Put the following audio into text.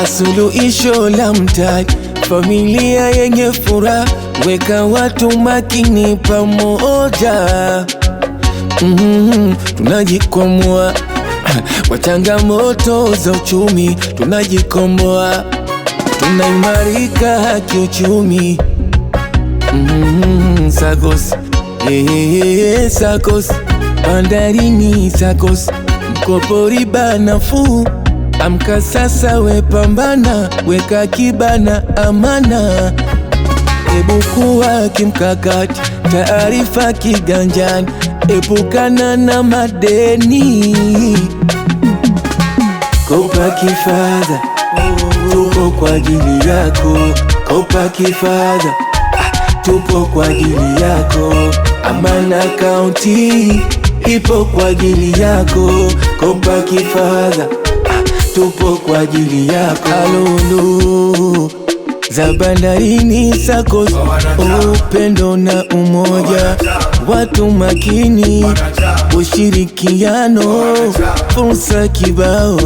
asuluhisho la mtaji, familia yenye furaha, weka watu makini pamoja. mm -hmm, tunajikwamua kwa changamoto za uchumi, tunajikomboa, tunaimarika kiuchumi. mm -hmm, SACCOS bandarini, sakos mkopo riba nafuu Amka sasa, we pambana, weka kibana amana, ebu kuwa kimkakati, taarifa kiganjani, epukana na madeni, kopa kifadha, tupo kwa ajili yako, kopa kifadha, tupo kwa ajili yako, Amana Kaunti ipo kwa ajili yako, kopa kifadha tupo kwa ajili yako. Kalulu za bandarini SACCOS, oh, upendo na umoja, watu makini, ushirikiano, fursa kibao.